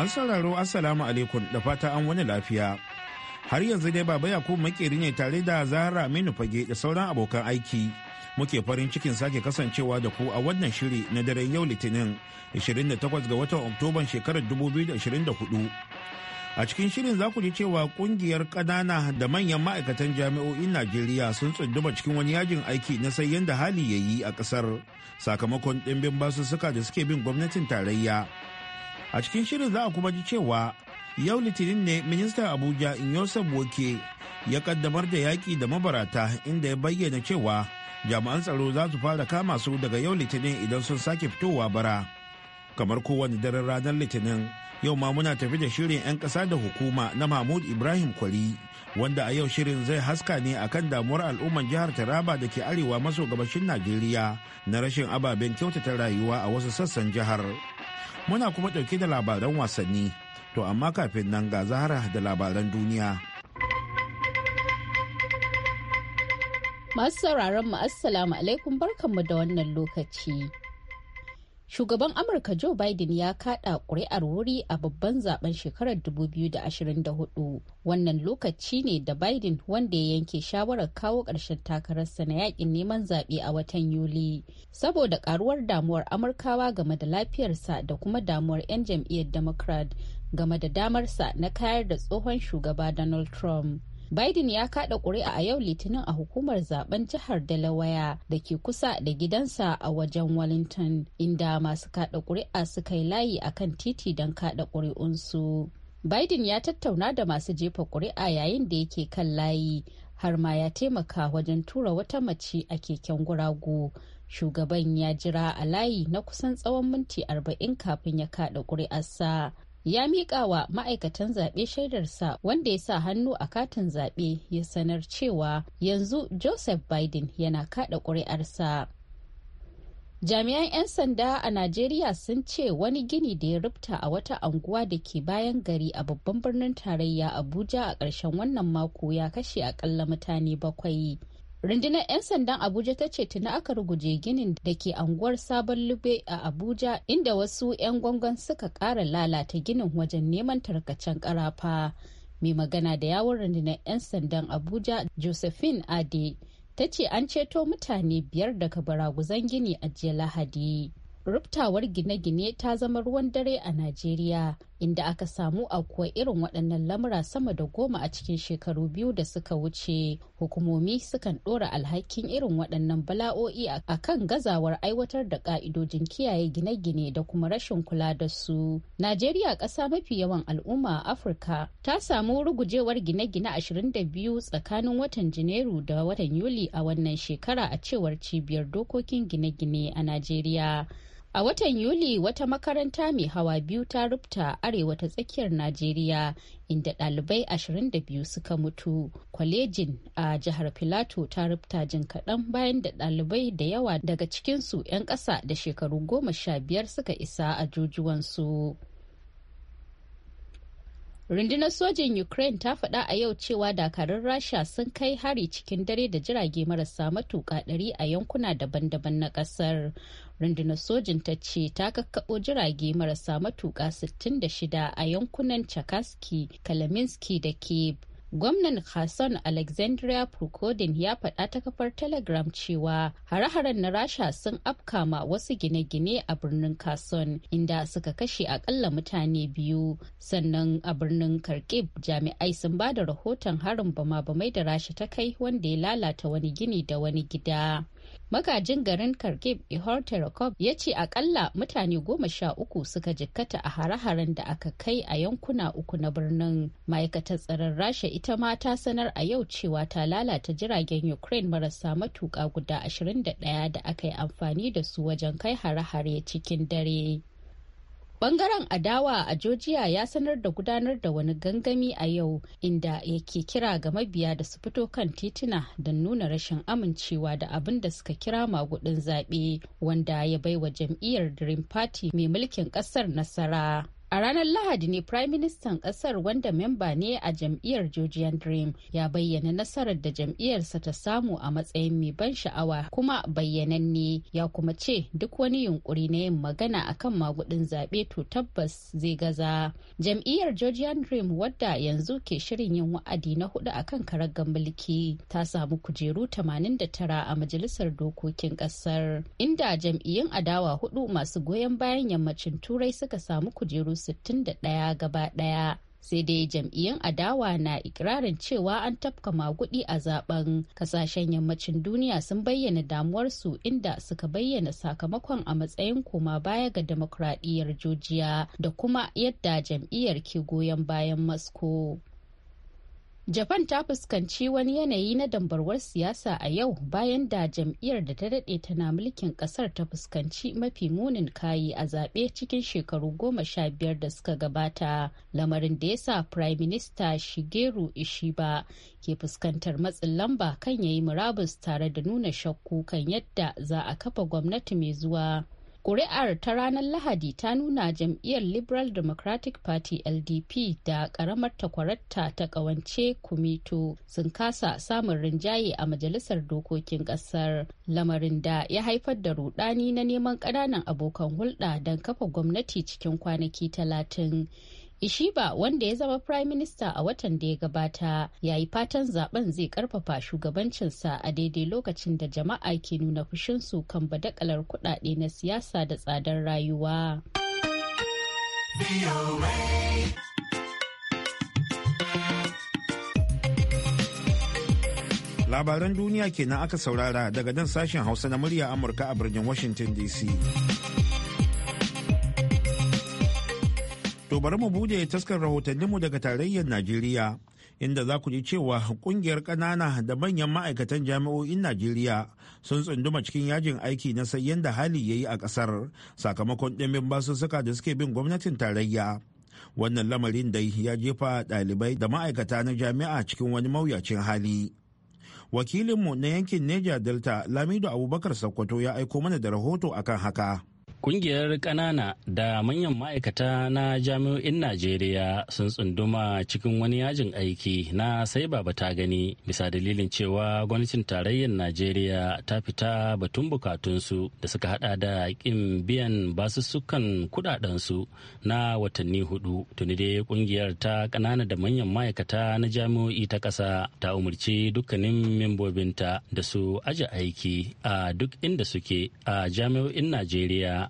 Masu sauraro Assalamu alaikum da fata an wani lafiya. Har yanzu dai Baba Yakubu makeri ne tare da Zahra Aminu Fage da sauran abokan aiki. Muke farin cikin sake kasancewa da ku a wannan shiri na daren yau Litinin 28 ga watan Oktoban shekarar 2024. A cikin shirin za ku ji cewa kungiyar ƙanana da manyan ma'aikatan jami'o'in Najeriya sun tsunduma cikin wani yajin aiki na sai yadda hali ya yi a ƙasar sakamakon ɗimbin basussuka da suke bin gwamnatin tarayya. a cikin shirin za a kuma ji cewa yau litinin ne Minista abuja in yosef woke ya kaddamar da yaƙi da mabarata inda ya bayyana cewa jami'an tsaro za su fara kama su daga yau litinin idan sun sake fitowa bara kamar kowane daren ranar litinin yau ma muna tafi da shirin 'yan ƙasa da hukuma na mahmud ibrahim Kwari, wanda a yau shirin zai haska ne a kan damuwar al'ummar jihar taraba da ke arewa maso gabashin najeriya na rashin ababen kyautata rayuwa a wasu sassan jihar. Muna kuma ɗauke da labaran wasanni, to amma kafin nan ga zahara da labaran duniya. Masu sauraron mu assalamu alaikum barkanmu da wannan lokaci. shugaban amurka joe biden ya kada kuri'ar wuri a babban zaben shekarar 2024 wannan lokaci ne da biden wanda ya yanke shawarar kawo ƙarshen takararsa na yakin neman zaɓe a watan yuli saboda karuwar damuwar amurkawa game da lafiyarsa da kuma damuwar 'yan jam'iyyar democrat game da damarsa na kayar da tsohon shugaba donald trump Biden ya kada ƙuri'a a yau Litinin a hukumar zaben jihar Delaware da ke kusa da gidansa a wajen Wellington, inda masu kada ƙuri'a suka yi layi akan titi don kada su Biden ya tattauna da masu jefa ƙuri'a yayin da yake kan layi har ma ya taimaka wajen tura wata mace a keken guragu. Shugaban ya jira a layi na kusan tsawon minti 40 kafin ya kada sa. ya miƙa wa ma'aikatan zaɓe shaidarsa wanda ya sa hannu a katin zaɓe ya sanar cewa yanzu joseph biden yana kaɗa ƙuri'arsa jami'an 'yan sanda a najeriya sun ce wani gini da ya rubta a wata anguwa da ke bayan gari a babban birnin tarayya abuja a ƙarshen wannan mako ya kashe akalla mutane bakwai rundunar 'yan sandan abuja ta ce tuni aka ruguje ginin da ke anguwar sabon lube a abuja inda wasu 'yan gwangon suka ƙara lalata ginin wajen neman tarkacen karafa mai magana da yawon rundunar 'yan sandan abuja josephine ade ta ce an ceto mutane biyar daga baraguzan gini a jiya lahadi ruptawar gine-gine ta zama ruwan dare a najeriya inda aka samu akwai irin waɗannan lamura sama da goma a cikin shekaru biyu da suka wuce hukumomi sukan ɗora alhakin irin waɗannan bala'o'i a kan gazawar aiwatar da ƙa'idojin kiyaye gine-gine da kuma rashin kula da su najeriya ƙasa mafi yawan al'umma a afirka ta samu rugujewar gine-gine 22 tsakanin watan janairu da watan yuli a wannan shekara a cewar cibiyar dokokin gine-gine a najeriya A watan Yuli wata makaranta mai hawa biyu ta rubta arewa ta tsakiyar Najeriya inda ɗalibai 22 suka mutu. Kwalejin a jihar Filato ta rubta jin kaɗan bayan da ɗalibai da yawa daga cikinsu 'yan ƙasa da shekaru goma sha biyar suka isa a jujuwansu. Rundunar sojin Ukraine ta faɗa a yau cewa dakarun Rasha sun kai hari cikin dare da jirage marasa matuƙa ɗari a yankuna daban-daban na ƙasar. rundunar sojin ta ce ta kakkaɓo jirage marasa matuƙa 66 a yankunan chakaski kalaminski da kiev gwamnan hassan alexandria prokodin ya faɗa ta kafar telegram cewa hare-haren na rasha sun afkama wasu gine-gine a birnin kason inda suka kashe akalla mutane biyu sannan a birnin kharkiv jami'ai sun ba da rahoton harin bama-bamai da rasha ta kai wanda ya lalata wani gini da wani gida magajin garin kharkiv ihor terekov ya ce akalla mutane goma sha uku suka jikkata a hare-haren da aka kai a yankuna uku na birnin ma'aikatar tsaron rasha ita ma ta sanar a yau cewa ta lalata jiragen ukraine marasa matuka guda 21 da aka yi amfani da su wajen kai hare-hare cikin dare Bangaren adawa a Georgia ya sanar da gudanar da wani gangami a yau inda yake kira ga mabiya da su fito kan tituna don nuna rashin amincewa da abin da suka kira magudin zaɓe wanda ya baiwa jam'iyyar Dream Party mai mulkin ƙasar nasara. A ranar Lahadi ne Prime Ministan kasar wanda memba ne a jam'iyyar Georgian Dream ya bayyana nasarar da jam'iyyarsa ta samu a matsayin mai ban sha'awa kuma bayyananne ya kuma ce duk wani yunkuri na yin magana akan magudin zaɓe to tabbas zai gaza. Jam'iyyar Georgian Dream wadda yanzu ke shirin yin wa'adi na hudu akan karagar mulki ta samu kujeru 89 a majalisar dokokin kasar inda jam'iyyun adawa hudu masu goyon bayan yammacin turai suka samu kujeru 61 gaba ɗaya. sai dai jam'iyyun adawa na ikirarin cewa an tafka magudi a zaben kasashen yammacin duniya sun bayyana damuwarsu inda suka bayyana sakamakon a matsayin koma baya ga demokradiyyar jojiya da kuma yadda jam'iyyar ke goyon bayan moscow Japan ta fuskanci wani yanayi na dambarwar siyasa a yau bayan da jam'iyyar da ta daɗe tana mulkin ƙasar ta fuskanci mafi munin kayi a zaɓe cikin shekaru goma sha biyar da suka gabata lamarin da ya sa Prime Minister Shigeru Ishiba ke fuskantar matsin lamba kan yayi murabus tare da nuna shakku kan yadda za a kafa gwamnati mai zuwa. Kuri'ar ta ranar Lahadi ta nuna jam'iyyar Liberal Democratic Party LDP da ƙaramar takwaratta ta ƙawance Kumito sun kasa samun rinjaye a majalisar dokokin ƙasar lamarin da ya haifar da rudani na neman ƙananan abokan hulɗa don kafa gwamnati cikin kwanaki talatin. Ishiba wanda ya zama Prime Minister a watan da ya gabata ya yi fatan zaben zai karfafa shugabancinsa a daidai lokacin da jama'a ke nuna fushinsu kan badakalar kudade na siyasa da tsadar rayuwa. Labaran duniya kenan aka saurara daga nan sashen Hausa na murya Amurka a birnin Washington DC. To bari mu bude taskar rahotanninmu daga tarayyar Najeriya inda za ku ji cewa kungiyar ƙanana da manyan ma'aikatan jami'o'in Najeriya sun tsunduma cikin yajin aiki na sai yadda hali ya yi a ƙasar sakamakon ɗimbin basussuka da suke bin gwamnatin tarayya. Wannan lamarin dai ya jefa ɗalibai da ma'aikata na jami'a cikin wani mawuyacin hali. Wakilinmu na yankin Neja Delta Lamido Abubakar Sokoto ya aiko mana da rahoto akan haka. Kungiyar ƙanana da manyan ma'aikata na jami'o'in Najeriya sun tsunduma cikin wani yajin aiki na sai ba ta gani bisa dalilin cewa gwamnatin tarayyar Najeriya ta fita batun bukatunsu da suka hada da ƙin biyan basussukan kudadensu na watanni hudu. Tuni dai kungiyar ta ƙanana da manyan ma'aikata na jami'o'i ta ƙasa ta umarci dukkanin membobinta da su aje aiki a duk inda suke a jami'o'in Najeriya.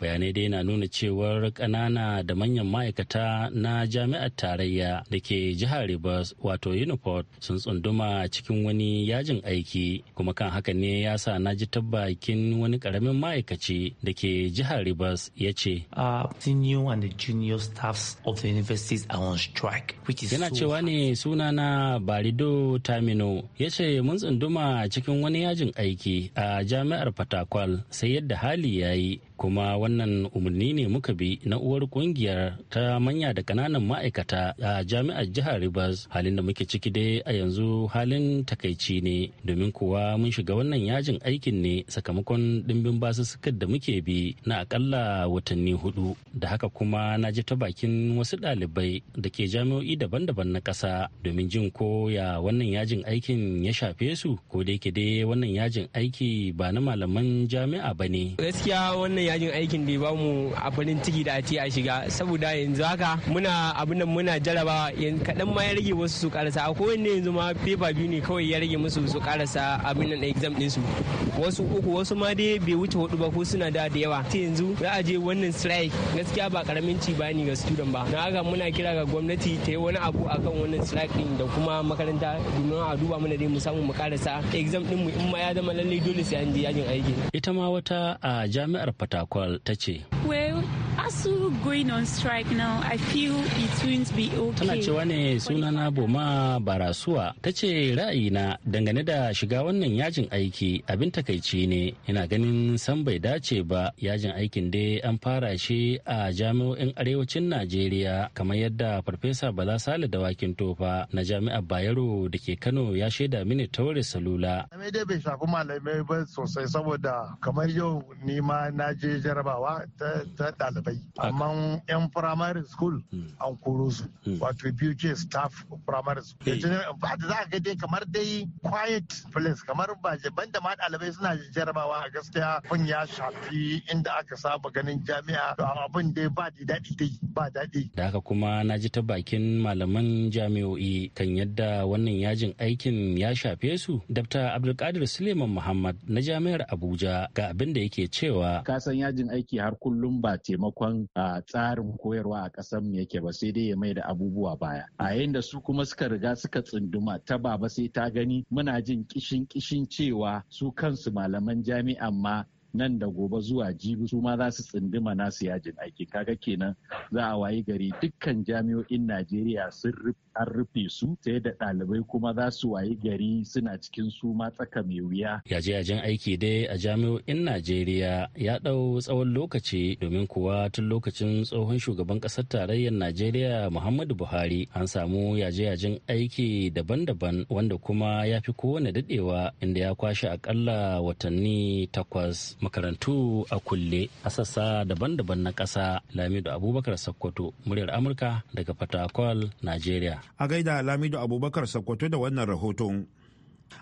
bayanai dai na nuna cewar kanana da manyan ma'aikata na jami'ar tarayya da ke jihar ribas wato uniport sun tsunduma cikin wani yajin aiki kuma kan haka ne ya sa na ji tabbakin wani karamin ma'aikaci da ke jihar ribas ya ce yana cewa ne sunana barido tamino ya ce mun tsunduma cikin wani yajin aiki a jami'ar fatakwal sai yadda hali ya yi kuma wani wannan umarni ne muka bi na uwar kungiyar ta manya da kananan ma'aikata a jami'ar jihar Rivers halin da muke ciki dai a yanzu halin takaici ne domin kuwa mun shiga wannan yajin aikin ne sakamakon dimbin basussukar da muke bi na akalla watanni hudu da haka kuma na ji ta bakin wasu ɗalibai da ke jami'o'i daban-daban na ƙasa domin jin ko ya wannan yajin aikin ya shafe su ko da yake dai wannan yajin aiki ba na malaman jami'a ba ne gaskiya wannan yajin aikin aikin da ya bamu a farin ciki da a a shiga saboda yanzu haka muna abin nan muna jaraba kaɗan ma ya rage wasu su karasa a kowanne yanzu ma fefa biyu ne kawai ya rage musu su karasa abin nan exam su wasu uku wasu ma dai bai wuce hudu ba ko suna da da yawa ta yanzu za a je wannan strike gaskiya ba karamin ci ba ni ga student ba na haka muna kira ga gwamnati ta yi wani abu akan wannan strike din da kuma makaranta domin a duba mana dai mu samu mu karasa exam din mu in ma ya zama lallai dole sai an je yajin aiki ita ma wata a jami'ar fatakwal ta su going on strike now, I feel it won't be okay. Tana cewa ne sunana Boma Barasuwa ta ce ra'ayina dangane da shiga wannan yajin aiki abin takaici ne. Ina ganin san bai dace ba yajin aikin dai an fara shi a jami'o'in arewacin Najeriya kamar yadda Farfesa Bala Sale da Wakin Tofa na jami'ar Bayero da ke Kano ya shaida mini taure salula. Malamai dai bai shafi malamai ba sosai saboda kamar yau ni ma na je jarabawa ta ɗalibai. amma yan primary school hmm. an koro su hmm. wato BUK staff primary school eh. ba da za ka dai kamar dai quiet place kamar ba da ma ɗalibai suna jarabawa a gaskiya abin ya shafi inda aka saba ganin jami'a to abin dai ba daɗi dai ba daɗi da haka kuma na ji ta bakin malaman jami'o'i kan yadda wannan yajin aikin ya shafe su dr abdulkadir suleiman muhammad na jami'ar abuja ga abin da yake cewa Ka san yajin aiki har kullum ba taimako sakamakon tsarin koyarwa a ƙasar mu yake ba sai dai ya mai da abubuwa baya a yayin da su kuma suka riga suka tsunduma ta baba sai ta gani muna jin kishin kishin cewa su kansu malaman jami'an ma nan da gobe zuwa jibi su ma za su tsinduma nasu yajin aiki kaga kenan za a wayi gari dukkan jami'o'in najeriya sun an rufe su sai da ɗalibai kuma za su wayi gari suna cikin su ma tsaka mai wuya yaje yajin aiki dai a jami'o'in najeriya ya ɗau tsawon lokaci domin kuwa tun lokacin tsohon shugaban ƙasar tarayyar najeriya muhammadu buhari an samu yaje yajin aiki daban-daban wanda kuma ya fi kowane daɗewa inda ya kwashe akalla watanni takwas makarantu a kulle a sassa daban-daban na ƙasa lamido abubakar sakkwato muryar amurka daga fatakwal nigeria a gaida lamido abubakar sakkwato da wannan rahoton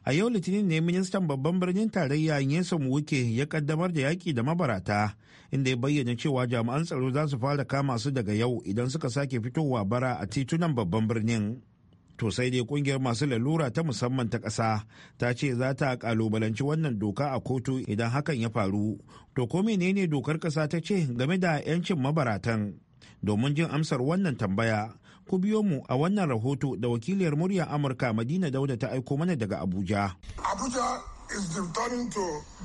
a yau litinin ne ministan babban birnin tarayya yesu wuke ya kaddamar da yaƙi da mabarata inda ya bayyana cewa jami'an tsaro za su fara kama su daga yau idan suka sake fitowa bara a titunan babban birnin to sai dai kungiyar masu lalura ta musamman ta ƙasa ta ce za ta kalubalanci wannan doka a kotu idan hakan ya faru to ko menene dokar ƙasa ta ce game da 'yancin mabaratan domin jin amsar wannan tambaya ku biyo mu a wannan rahoto da wakiliyar muryar amurka madina dauda ta aiko mana daga abuja abuja is to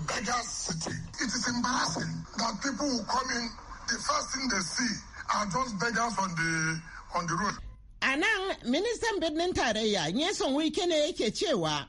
beggar's city it is embarrassing that people come in the first thing they see are just beggars on the on the road A nan ministan birnin tarayya Nyesom Wike ne yake cewa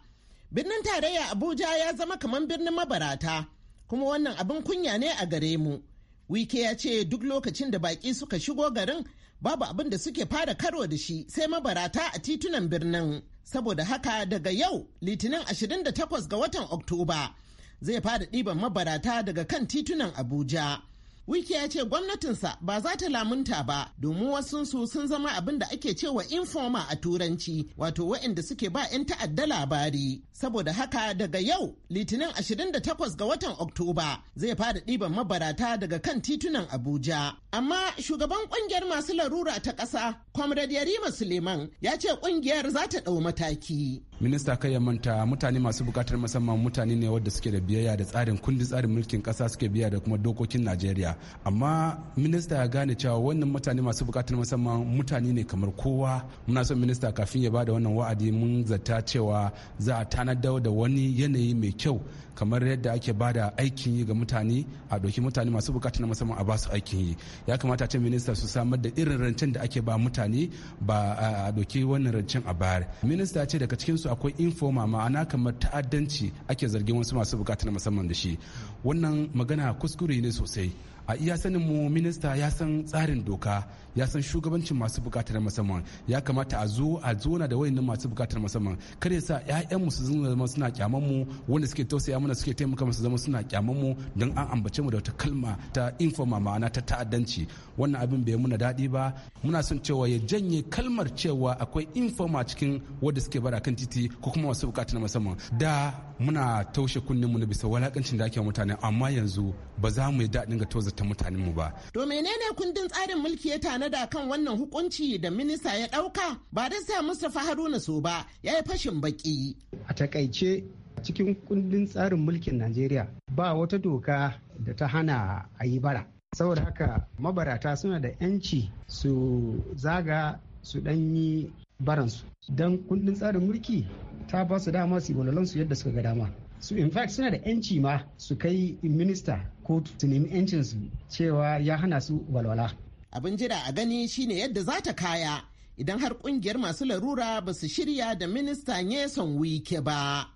birnin tarayya Abuja ya zama kamar birnin mabarata kuma wannan abin kunya ne a gare mu. Wike ya ce duk lokacin da baƙi suka shigo garin babu abin da suke fara karo da shi sai mabarata a titunan birnin. Saboda haka daga yau litinin 28 ga watan Oktoba zai fara ɗiban mabarata daga kan titunan Abuja. Wiki ya ce gwamnatinsa ba za ta lamunta ba domin su sun zama abin da ake cewa informa a turanci wato waɗanda suke ba 'yan ta'adda labari. Saboda haka daga yau litinin 28 ga watan Oktoba zai fara ɗiban mabarata daga kan titunan Abuja. Amma shugaban ƙungiyar masu larura ta ƙasa, Comrade Yarima Suleiman ya ce ƙungiyar za ta ɗau mataki. Minista kai ya manta mutane masu bukatar musamman mutane ne wadda suke da biyayya da tsarin kundin tsarin mulkin ƙasa suke biya da kuma dokokin Najeriya. amma minista ya gane cewa wannan mutane masu bukatar musamman mutane ne kamar kowa muna son minista kafin ya bada wannan wa'adi mun zata cewa za a tanar da wani yanayi mai kyau kamar yadda ake bada aikin yi ga mutane a doki mutane masu bukatar na musamman a ba su aikin yi ya kamata ce minista su samar da irin rancen da ake ba mutane ba a doki wannan rancen a bayar minista ce daga cikin su akwai informa ma'ana kamar ta'addanci ake zargin wasu masu bukatar na musamman da shi wannan magana kuskure ne sosai a iya sanin mu minista ya san tsarin doka ya san shugabancin masu bukatar musamman ya kamata a zo a zona da wayannan masu bukatar musamman kar ya sa ƴaƴan mu su zama suna kyaman mu wanda suke tausaya mana suke taimaka musu zama suna kyaman mu don an ambace mu da wata kalma ta informa ma'ana ta ta'addanci wannan abin bai muna daɗi ba muna son cewa ya janye kalmar cewa akwai informa cikin wanda suke bara kan titi ko kuma masu bukatar musamman da muna taushe kunnen mu na bisa walakancin da ake mutane amma yanzu ba za mu yi daɗin ga mutanen mu ba. To menene kundin tsarin mulki ya tana da kan wannan hukunci da minista ya ɗauka ba da sa mustafa Haruna so ba ya yi fashin baki. A takaice cikin kundin tsarin mulkin Najeriya ba wata doka da ta hana a yi bara. Saboda haka mabarata suna da 'yanci su zaga su ɗanyi baransu. Don kundin tsarin mulki ta ba su dama su yi su yadda suka ga dama. su in fact suna da yanci ma su kai minista ko su nemi yancin su cewa ya hana su walwala abin jira a gani shine yadda za ta kaya idan har kungiyar masu larura ba su shirya da minista son Wike ba.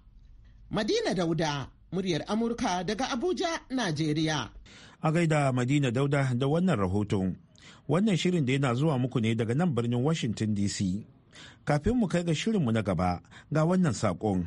Madina Dauda, muryar Amurka daga Abuja, Najeriya. A gaida Madina Dauda da wannan rahoton. Wannan shirin da yana zuwa muku ne daga nan birnin Washington DC. Kafin mu kai ga shirinmu na gaba, ga wannan saƙon.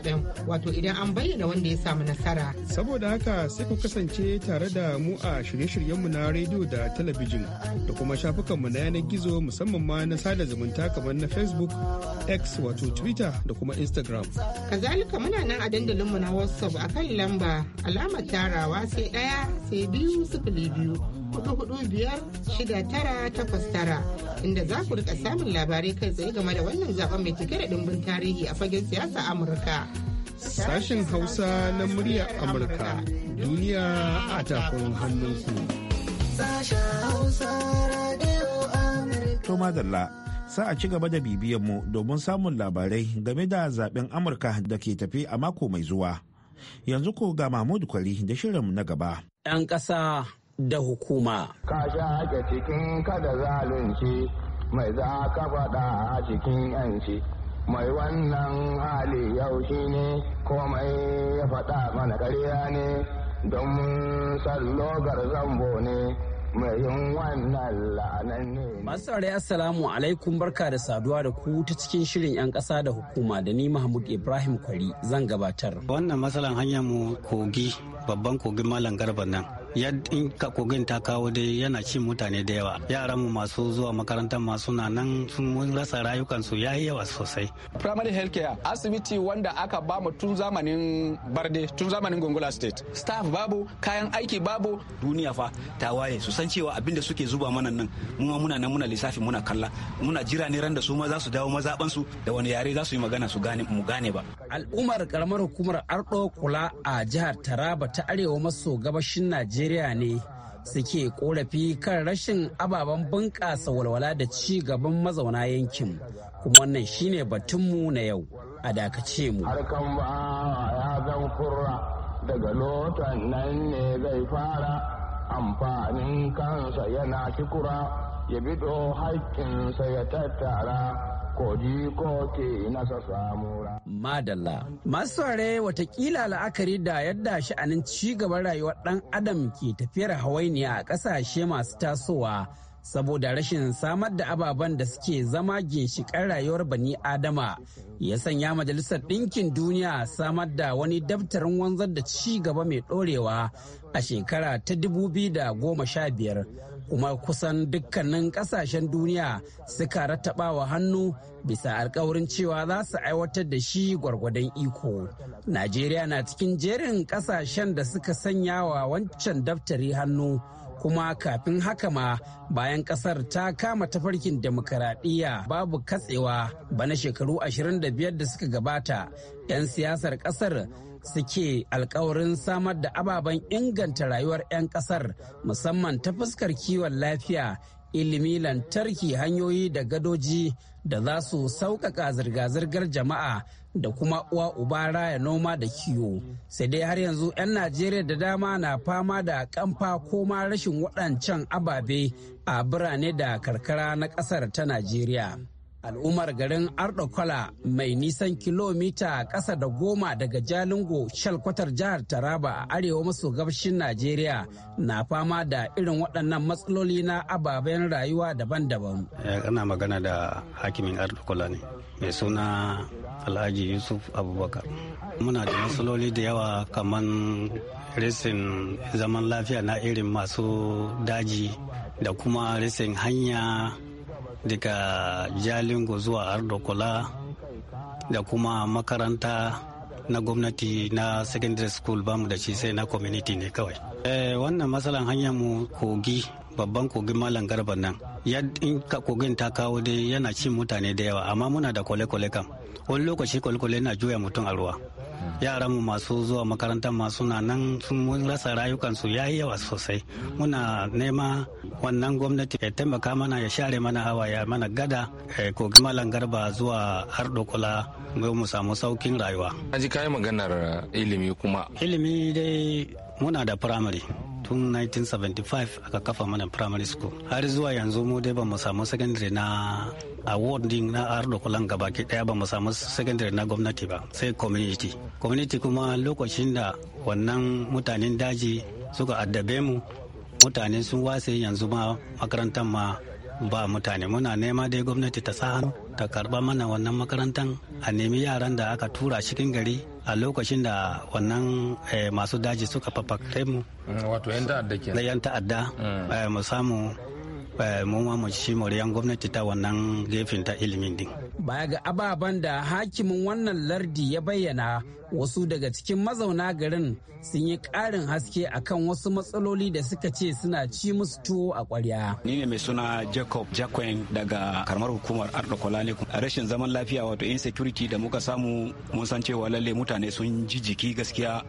wato idan an bayyana wanda ya samu nasara. Saboda haka sai ku kasance tare da mu a shirye-shiryenmu na rediyo da talabijin da kuma shafukanmu na yanar gizo musamman ma na sada zumunta kamar na Facebook, X wato Twitter da kuma Instagram. Kazalika muna nan a dandalinmu na WhatsApp akan lamba alamar tarawa sai ɗaya sai biyu sifili biyu. hudu biyar shida tara takwas tara inda za ku rika samun labarai kai tsaye game da wannan zaben mai cike da dimbin tarihi a fagen siyasa amurka Sashen Hausa na murya Amurka duniya a tafin hannunku. Toma Dalla sa a ci gaba da mu domin samun labarai game da zaben Amurka da ke tafi a mako mai zuwa. Yanzu ko ga Mahmud Kwari da shirin na gaba. 'Yan ƙasa da hukuma. Ka sha cikin kada zalunci mai za ka faɗa a cikin 'yanci. mai wannan hali yau shi ne komai ya faɗa mana karya ne don sallogar zambo ne mai wannan la'anan ne. Masu tsare assalamu alaikum barka da saduwa da ku ta cikin shirin 'yan ƙasa da hukuma da ni Mahmud Ibrahim Kwari zan gabatar. Wannan matsalan hanyar mu kogi babban kogin Malam Garba nan in kogin ta kawo dai yana ci mutane da yawa yaran mu masu zuwa makarantar masu na nan sun rasa rayukansu ya yi yawa sosai primary health care asibiti wanda aka ba mu tun zamanin barde tun zamanin gongola state staff babu kayan aiki babu duniya fa ta waye su san cewa abinda suke zuba mana nan mu muna nan muna lissafi muna kalla muna jira ne ran da su ma za su dawo mazaban su da wani yare za su yi magana su gane mu gane ba al'ummar karamar hukumar ardo kula a jihar taraba ta arewa maso gabashin najeriya najeriya ne suke korafi kan rashin ababen bunƙasa walwala da ci gaban mazauna yankin kuma wannan shine batunmu na yau a dakace mu daga lotan nan ne zai fara amfanin kansa yana kikura ya bido haƙƙinsa ya tattara Madalla. Masu saurare watakila la'akari da yadda sha'anin ci gaban rayuwar ɗan adam ke tafiyar hawainiya a ƙasashe masu tasowa saboda rashin samar da ababen da suke zama ginshiƙan rayuwar bani adama ya sanya majalisar ɗinkin duniya samar da wani daftarin wanzar da ci gaba mai ɗorewa a shekara ta 2015 kuma kusan dukkanin kasashen duniya suka rattaba wa hannu bisa alkawarin cewa za su aiwatar da shi gwargwadon iko najeriya na cikin jerin kasashen da suka sanya wa wancan daftari hannu kuma kafin haka ma bayan kasar ta kama tafarkin demokaradiyya babu katsewa bana shekaru 25 da suka gabata 'yan siyasar kasar suke alkawarin samar da ababen inganta rayuwar 'yan kasar musamman ta fuskar kiwon lafiya ilimi lantarki hanyoyi da gadoji da za su sauƙaƙa zirga-zirgar jama'a da kuma uwa uba raya noma da kiwo sai dai har yanzu 'yan najeriya da dama na fama da kamfa ko ma rashin waɗancan ababe a birane da karkara na ƙasar ta najeriya al'ummar garin ardokola mai nisan kilomita ƙasa da goma daga jalingo shalkwatar jihar taraba a arewa maso gabashin najeriya na fama da irin waɗannan matsaloli na ababen rayuwa daban-daban kana eh, magana da hakimin ardokola ne mai suna alhaji yusuf abubakar muna da matsaloli da yawa kamar resin zaman lafiya na irin masu daji da kuma resin hanya daga jalingo zuwa ardokola da kuma makaranta na gwamnati na secondary school bamu da shi sai na community ne kawai eh, wannan matsalan hanyar mu kogi babban kogin malam garba nan in kogin ta kawo dai yana cin mutane da yawa amma muna da kwale-kwale kam wani lokaci kwalkwale na juya mutum a ruwa yaran mu masu zuwa makaranta masu na nan sun rasa rayukansu ya yi yawa sosai muna nema wannan gwamnati ya taimaka mana ya share mana hawa ya mana gada eh, kogi malam garba zuwa har dokula mu samu saukin rayuwa an ji kayi maganar ilimi kuma ilimi dai muna da firamare tun 1975 aka kafa mana firamare school har zuwa yanzu mu dai ba mu samu sakandare na a ward din na ardo kulan ke daya ba mu samu secondary na gwamnati ba sai community community kuma lokacin da wannan mutanen daji suka addabe mu mutane sun wase yanzu ma makarantar ma ba mutane muna nema dai gwamnati ta sahan ta karba mana wannan makarantar a nemi yaran da aka tura cikin gari a lokacin da wannan eh, masu daji suka fafakare mu mm, wato yan ta'adda ke yan ta'adda mm. eh, mu samu Eh, mu ma mu shi moriyan gwamnati ta wannan gefen ta ilimin din. Baya ga ababen da hakimin wannan lardi ya bayyana wasu daga cikin mazauna garin sun yi karin haske akan wasu matsaloli da suka ce suna ci musu tuwo a kwarya Ni ne mai suna Jacob Jacquin daga karamar hukumar Ardokolale. Rashin zaman lafiya wato insecurity da muka samu mun san cewa lalle mutane sun ji jiki gaskiya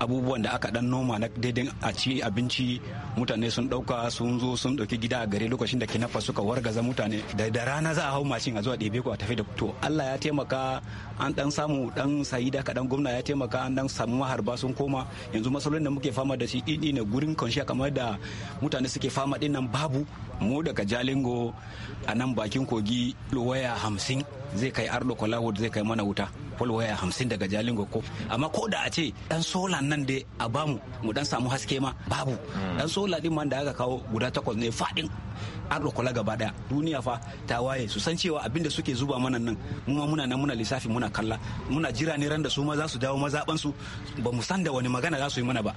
abubuwan da aka dan noma na daidai a ci abinci mutane sun dauka sun zo sun dauki gida a gare lokacin da kinafa suka wargaza mutane da da rana za a hau mashin a zuwa ɗebe ko a tafi da to Allah ya taimaka an dan samu dan sayi da kaɗan gwamna ya taimaka an dan samu maharba sun koma yanzu masalolin da muke fama da shi ɗiɗi ne gurin kwanciya kamar da mutane suke fama ɗin nan babu mu daga Jalingo a nan bakin kogi waya hamsin zai kai Ardo Kolahud zai kai mana wuta polwaya hamsin daga jalingo ko amma ko da a ce dan sola nan dai a bamu mu dan samu haske ma babu dan hmm. sola din man da aka kawo guda takwas ne fadin arɗokola gaba daya duniya fa ta waye su san cewa abinda suke zuba mana nan mu ma muna nan muna lissafi muna kalla muna jira ne ran da su ma za su dawo su ba mu san da wani magana za su yi mana ba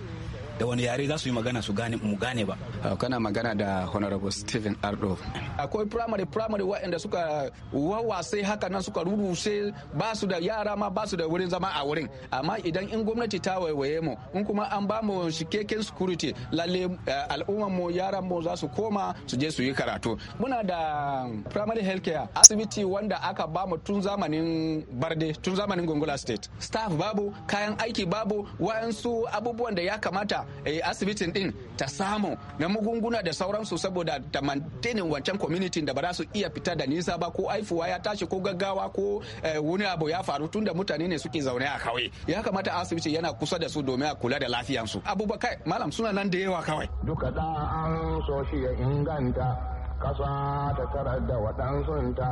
da wani yare za su yi magana su gane mu gane ba kana magana da honorable stephen ardo akwai primary primary waɗanda suka wawasai haka nan suka rurushe ba su da yara ma ba su da wurin zama a wurin amma idan in gwamnati ta waiwaye mu in kuma an ba mu shikeken security lalle eh, al'umman mu yaran mu za su koma su je su yi karatu muna da primary health asibiti wanda aka ba mu tun zamanin barde tun zamanin gongola state staff babu kayan aiki babu wayansu abubuwan da ya kamata Eh, asibitin din ta samu na magunguna da sauransu saboda da mantenin wancan community da ba za su iya fita da nisa ba ko aifuwa ya tashi ko gaggawa ko eh, wani abu ya faru tun da mutane ne suke zaune a kauye ya kamata asibiti yana kusa da su domin a kula da lafiyansu abubakar malam suna nan da yawa kawai duka da an so shi ya inganta kasa ta tarar da waɗansunta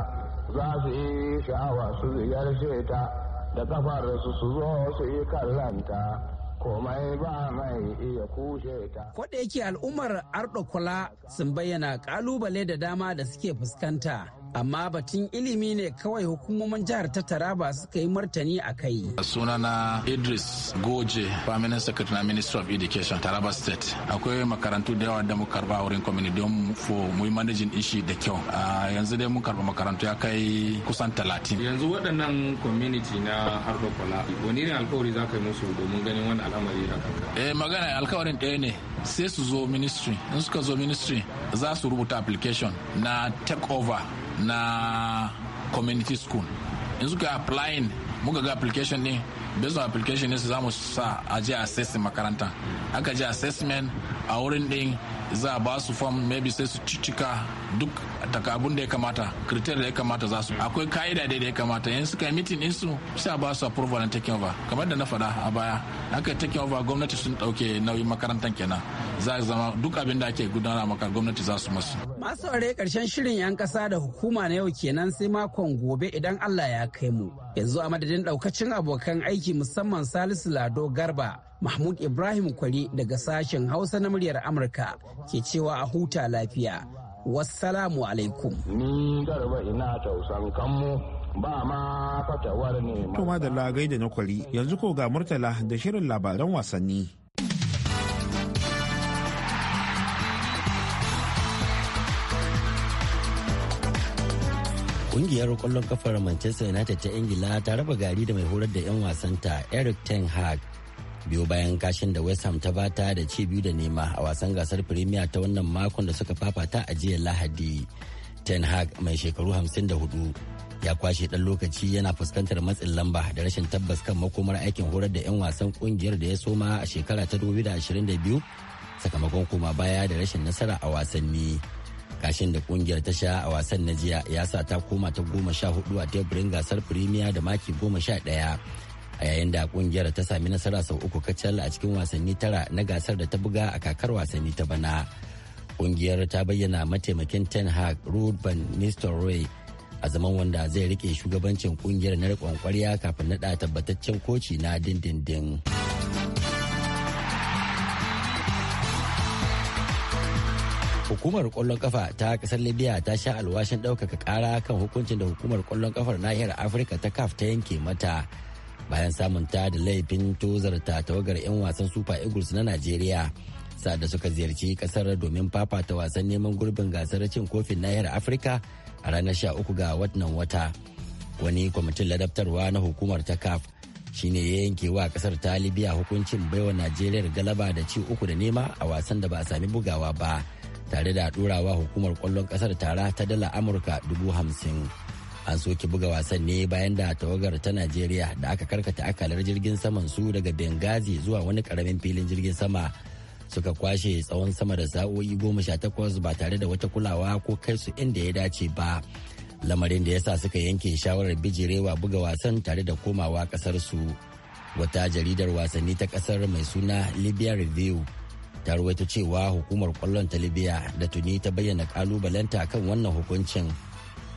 za su yi sha'awa su ziyarce ta da kafar su su zo su yi kallanta komai ba mai iya kushe ta. Kwada yake al'ummar Arɗo kula sun bayyana ƙalubale da dama da suke fuskanta amma batun ilimi ne kawai hukumomin jihar ta taraba suka yi martani a kai sunana idris goje permanent secretary na minister of education taraba state akwai makarantu da yawa da mu karba wurin community don for mu managing ishi da kyau yanzu dai mun karba makarantu ya kai kusan talatin yanzu waɗannan community na harba kwala wani ne alkawari za ka yi musu domin ganin wani al'amari na kanka eh magana alkawarin ɗaya ne sai su zo ministry in suka zo ministry za su rubuta application na take over na community school in suka applying muka ga application ne based on application ne su za mu sa a je makaranta aka je assessment a wurin ɗin za a ba su form maybe sai su cicika duk daga abun da ya kamata kriteria da ya kamata za su akwai ka'ida da ya kamata yanzu suka yi mitin din su sai ba su approval na taking over kamar da na faɗa a baya aka yi taking over gwamnati sun ɗauke nauyin makarantar kenan za a zama duk abin da ake gudana maka gwamnati za su masu. masu aure karshen shirin yan ƙasa da hukuma na yau kenan sai makon gobe idan Allah ya kai mu yanzu a madadin daukacin abokan aiki musamman Salisu Lado Garba Mahmud Ibrahim Kwari daga sashen Hausa na muryar Amurka ke cewa a huta lafiya wassalamu alaikum ni garba ina tausan kanmu ba ma fatawar ne to madalla gaida na kwari yanzu ko ga murtala da shirin labaran wasanni kungiyar kwallon kafar manchester united ta ingila ta raba gari da mai horar da 'yan wasanta eric ten hag biyo bayan kashin da west ham ta bata da ci biyu da nema a wasan gasar premier ta wannan makon da suka fafata a jiya lahadi ten hag mai shekaru 54 ya kwashe dan lokaci yana fuskantar matsin lamba da rashin tabbas kan makomar aikin horar da 'yan wasan kungiyar da ya soma a shekara ta 2022 sakamakon koma baya da rashin nasara a wasanni kashin da kungiyar ta sha a wasan na jiya ya sa ta koma ta goma sha hudu a teburin gasar firimiya da maki goma sha daya a yayin da kungiyar ta sami nasara sau uku kacal a cikin wasanni tara na gasar da ta buga a kakar wasanni ta bana kungiyar ta bayyana mataimakin ten hag ruud van nistelrooy a zaman wanda zai rike shugabancin kungiyar na rikon kwarya kafin ɗa tabbataccen koci na dindindin hukumar kwallon kafa ta kasar libya ta sha alwashin ɗaukaka ƙara kan hukuncin da hukumar kwallon kafar nahiyar afirka ta kaf ta yanke mata bayan samun ta da laifin tozarta tawagar 'yan wasan super eagles na najeriya da suka ziyarci kasar domin fafata wasan neman gurbin gasar cin kofin nahiyar afirka a ranar 13 ga watan wata wani kwamitin ladabtarwa na hukumar ta caf shine ya yanke wa kasar ta libya hukuncin baiwa najeriya galaba da ci uku da nema a wasan da ba a sami bugawa ba tare da ɗorawa hukumar kwallon kasar tara ta dala amurka dubu hamsin an soke buga wasan ne bayan da tawagar ta najeriya da aka karkata akalar jirgin saman su daga bengazi zuwa wani karamin filin jirgin sama suka kwashe tsawon sama da sa'o'i goma sha takwas ba tare da wata kulawa ko kai su inda ya dace ba lamarin da yasa suka yanke shawarar bijirewa buga wasan tare da komawa kasar su wata jaridar wasanni ta kasar mai suna libya review ta ruwaita cewa hukumar kwallon ta libya da tuni ta bayyana kalubalenta kan wannan hukuncin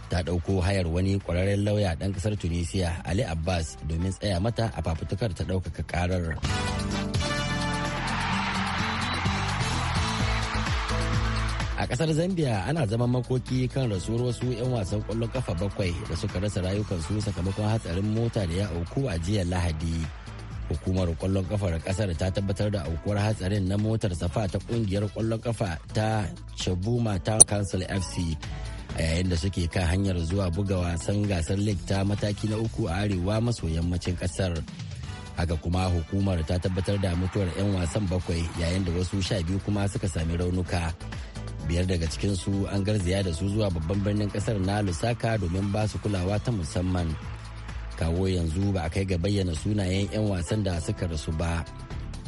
ta ɗauko hayar wani kwararren lauya ɗan ƙasar tunisia ali abbas domin tsaya mata a fafutukar ta ɗaukaka karar. a ƙasar zambia ana zama makoki kan rasuwar wasu 'yan wasan kwallon kafa bakwai da suka rasa rayukansu sakamakon hatsarin mota da ya auku a jiya lahadi hukumar kwallon kafar kasar ta tabbatar da aukuwar hatsarin na motar safa ta kungiyar kwallon kafa ta shabuma ta council fc a yayin da suke kan hanyar zuwa buga wasan gasar lake ta mataki na uku a arewa maso yammacin kasar haka kuma hukumar ta tabbatar da mutuwar 'yan wasan bakwai yayin da wasu sha biyu kuma suka sami raunuka biyar daga cikinsu an garzaya da su zuwa babban birnin kasar na lusaka domin ba su kulawa ta musamman kawo yanzu ba a kai ga bayyana sunayen 'yan wasan da suka rasu ba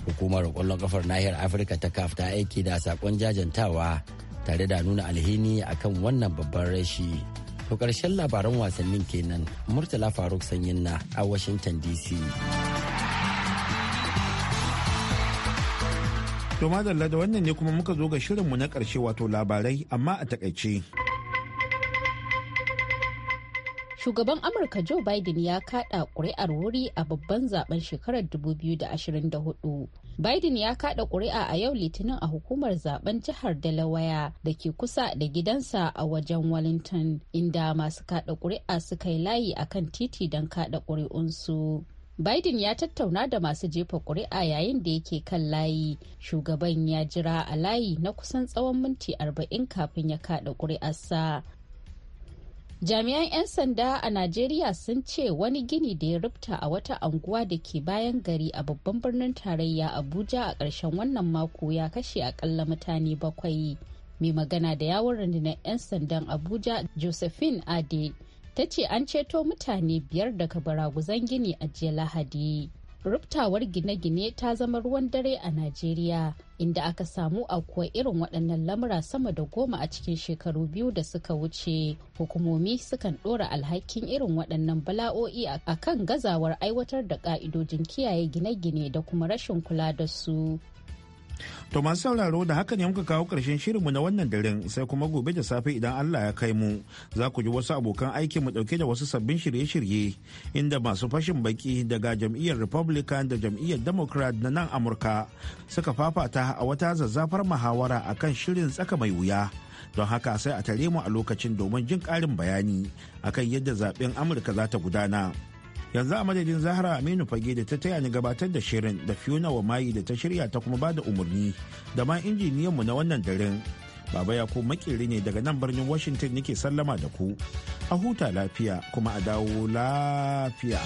hukumar kwallon kafar nahiyar afirka ta kaf ta aiki da sakon jajantawa tare da nuna alhini akan wannan babban rashi. To ƙarshen labaran wasannin kenan Murtala Faruk Sanyin na a Washington DC. To madalla da wannan ne kuma muka zo ga shirin mu na karshe wato labarai amma a takaice. Shugaban Amurka Joe Biden ya kaɗa ƙuri'ar wuri a babban zaben shekarar 2024 Biden ya kada kuri'a a yau litinin a hukumar zaben jihar Delaware da ke kusa da gidansa a wajen Wellington inda masu kada kuri'a suka yi layi a kan titi don kada kuri'unsu. Biden ya tattauna da masu jefa kuri'a yayin da yake kan layi. Shugaban ya jira a layi na kusan tsawon minti 40 kafin ya kada kuri'arsa. jami'an 'yan sanda a najeriya sun ce wani gini da ya rubta a wata anguwa da ke bayan gari a babban birnin tarayya abuja a ƙarshen wannan mako ya kashe akalla mutane bakwai mai magana da yawon rundunar 'yan sandan abuja josephine ade ta ce an ceto mutane biyar daga baraguzan gini a jiya lahadi ruptawar gine-gine ta zama ruwan dare a najeriya inda aka samu akwai irin waɗannan lamura sama da goma a cikin shekaru biyu da suka wuce hukumomi sukan ɗora alhakin irin waɗannan bala'o'i a kan gazawar aiwatar da ƙa'idojin kiyaye gine-gine da kuma rashin kula da su To masu sauraro da haka ne muka kawo ƙarshen shirinmu na wannan daren sai kuma gobe da safe idan Allah ya kai mu za ku ji wasu abokan aikin mu ɗauke da wasu sabbin shirye-shirye inda masu fashin baki daga jam'iyyar Republican da jam'iyyar Democrat na nan Amurka suka fafata a wata zazzafar muhawara kan shirin tsaka mai wuya. Don haka sai a tare mu a lokacin domin jin ƙarin bayani akan yadda zaben Amurka za ta gudana. yanzu a madadin zahra aminu fage da ta taya ni gabatar da shirin da fiona wa mayi da ta shirya ta kuma bada umarni da ma injiniyanmu na wannan daren baba ya ko makiri ne daga nan birnin washington nake sallama da ku a huta lafiya kuma a dawo lafiya